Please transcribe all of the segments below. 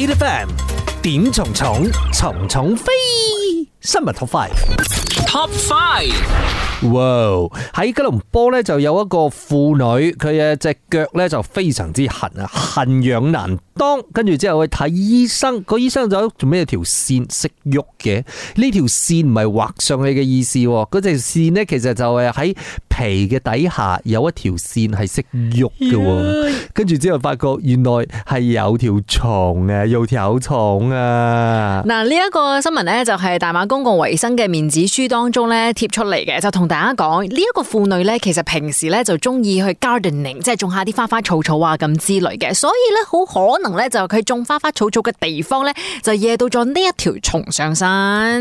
8 FM，點蟲蟲蟲蟲飛新聞 top five top five，哇！喺吉隆坡咧就有一個婦女，佢嘅隻腳咧就非常之痕啊，痕癢難當，跟住之後去睇醫生，個醫生就做咩條線識喐嘅？呢條線唔係畫上去嘅意思，嗰條線咧其實就係喺。皮嘅底下有一條線係識喐嘅，跟住之後發覺原來係有條蟲啊，有條蟲啊。嗱呢一個新聞咧就係大馬公共衛生嘅面子書當中咧貼出嚟嘅，就同大家講呢一個婦女咧其實平時咧就中意去 gardening，即係種下啲花花草草啊咁之類嘅，所以咧好可能咧就佢種花花草草嘅地方咧就惹到咗呢一條蟲上身。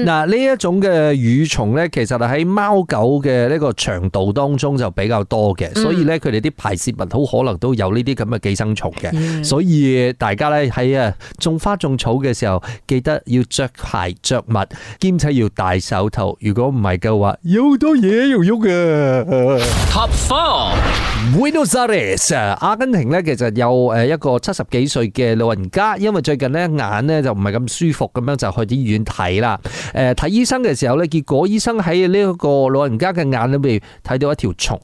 嗱呢一種嘅蠕蟲咧，其實係喺貓狗嘅呢個腸道當。當中就比較多嘅，所以咧佢哋啲排泄物好可能都有呢啲咁嘅寄生蟲嘅，Yeah. 所以大家咧喺啊種花種草嘅時候，記得要着鞋着襪，兼且要戴手套。如果唔係嘅話，有好多嘢要喐嘅。TOP 5。w i n d o w s a r u s 阿根廷咧，其實有誒一個七十幾歲嘅老人家，因為最近咧眼咧就唔係咁舒服，咁樣就去啲醫院睇啦。誒，睇醫生嘅時候咧，結果醫生喺呢一個老人家嘅眼裏邊睇到一條蟲，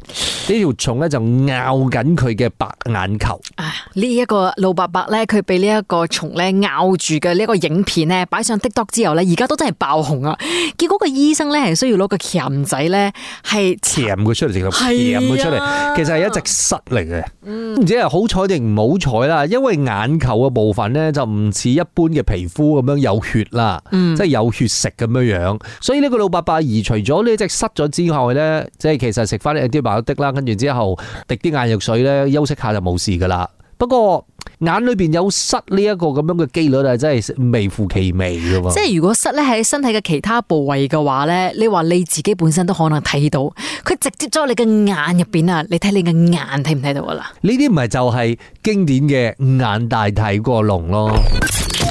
呢條蟲咧就咬緊佢嘅白眼球。啊，呢、這、一個老伯伯咧，佢俾呢一個蟲咧咬住嘅呢個影片咧，擺上滴 d 之後咧，而家都真係爆紅啊！結果個醫生咧係需要攞個鉗仔咧，係鉗佢出嚟，鉗佢出嚟。其實係一。即失嚟嘅，唔知係好彩定唔好彩啦。因為眼球嘅部分咧，就唔似一般嘅皮膚咁樣有血啦，即係有血食咁樣樣。所以呢個老伯伯移除咗呢隻失咗之外咧，即係其實食翻啲滴眼的啦，跟住之後滴啲眼藥水咧，休息下就冇事噶啦。不過，眼裏邊有失呢一個咁樣嘅機率係真係微乎其微嘅。即係如果失咧喺身體嘅其他部位嘅話咧，你話你自己本身都可能睇到，佢直接咗你嘅眼入邊啊！你睇你嘅眼睇唔睇到啦？呢啲唔係就係經典嘅眼大睇過龍咯。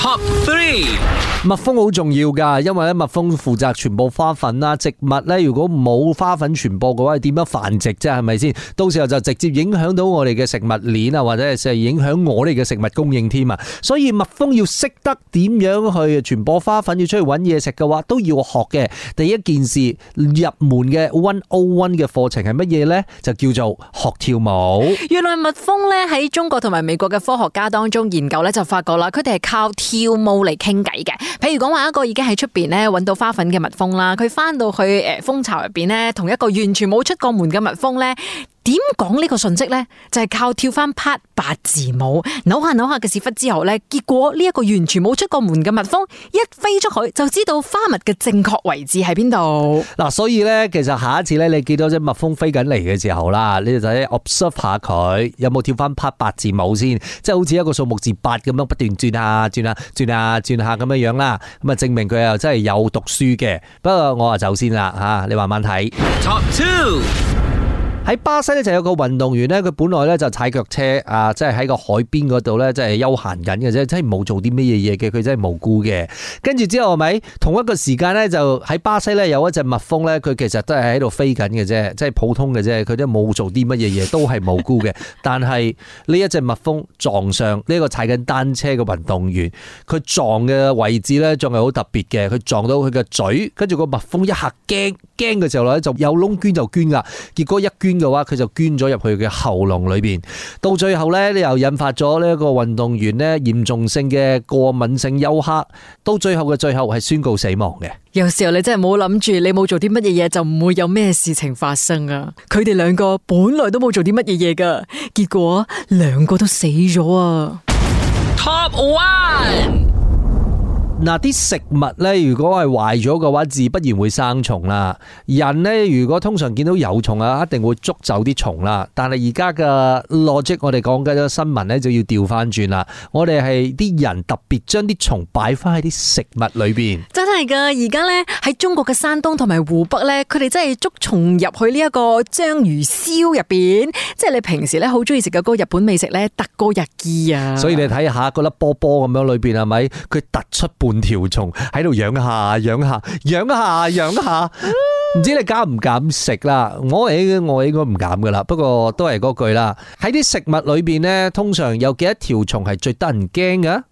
學 three 蜜蜂好重要噶，因為咧蜜蜂負責傳播花粉啦，植物咧如果冇花粉傳播嘅話，點樣繁殖啫？係咪先？到時候就直接影響到我哋嘅食物鏈啊，或者係影響我哋嘅食物供應添啊！所以蜜蜂要識得點樣去傳播花粉，要出去搵嘢食嘅話，都要學嘅。第一件事入門嘅 One O One 嘅課程係乜嘢咧？就叫做學跳舞。原來蜜蜂咧喺中國同埋美國嘅科學家當中研究咧，就發覺啦，佢哋係靠跳。跳舞嚟傾偈嘅，譬如講話一個已經喺出邊咧揾到花粉嘅蜜蜂啦，佢翻到去誒蜂巢入邊咧，同一個完全冇出過門嘅蜜蜂咧。點講呢個訊息呢？就係、是、靠跳翻八八字舞扭下扭下嘅屎忽之後呢，結果呢，一個完全冇出過門嘅蜜蜂一飛出去，就知道花蜜嘅正確位置喺邊度。嗱、啊，所以呢，其實下一次呢，你見到隻蜜蜂飛緊嚟嘅時候啦，你就仔 observe 下佢有冇跳翻八八字舞先，即係好似一個數目字八咁樣不斷轉下轉下轉下轉下咁樣樣啦，咁啊證明佢又真係有讀書嘅。不過我話走先啦吓，你慢慢睇。喺巴西咧就有個運動員咧，佢本來咧就踩腳車啊，即係喺個海邊嗰度咧，即係休閒緊嘅啫，即係冇做啲乜嘢嘢嘅，佢真係無辜嘅。跟住之後，係咪同一個時間咧，就喺巴西咧有一隻蜜蜂咧，佢其實都係喺度飛緊嘅啫，即係普通嘅啫，佢都冇做啲乜嘢嘢，都係無辜嘅。但係呢一隻蜜蜂撞上呢、這個踩緊單車嘅運動員，佢撞嘅位置咧仲係好特別嘅，佢撞到佢嘅嘴，跟住個蜜蜂一下驚驚嘅時候咧，就有窿捐就捐噶，結果一捐，嘅話，佢就捐咗入去嘅喉嚨裏邊，到最後呢，你又引發咗呢一個運動員呢嚴重性嘅過敏性休克，到最後嘅最後係宣告死亡嘅。有時候你真係冇諗住，你冇做啲乜嘢嘢就唔會有咩事情發生啊！佢哋兩個本來都冇做啲乜嘢嘢噶，結果兩個都死咗啊！Top one。嗱，啲食物咧，如果係壞咗嘅話，自不然會生蟲啦。人咧，如果通常見到有蟲啊，一定會捉走啲蟲啦。但係而家嘅邏輯，我哋講緊新聞咧，就要調翻轉啦。我哋係啲人特別將啲蟲擺翻喺啲食物裏邊。係噶，而家咧，喺中國嘅山東同埋湖北咧，佢哋真係捉蟲入去呢一個章魚燒入邊，即係你平時咧好中意食嘅嗰個日本美食咧，特過日記啊！所以你睇下嗰粒波波咁樣裏邊係咪？佢突出半條蟲喺度養一下，養一下，養一下，養一下。唔知你敢唔敢食啦？我誒，我應該唔敢噶啦。不過都係嗰句啦。喺啲食物裏邊咧，通常有幾多條蟲係最得人驚噶？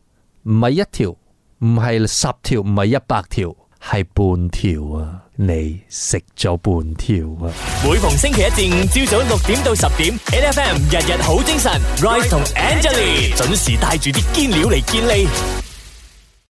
唔係一條。唔係十條，唔係一百條，係半條啊！你食咗半條啊！每逢星期一至五，朝早六點到十點，NFM 日日好精神，Rise 同 Angelina 準時帶住啲堅料嚟見你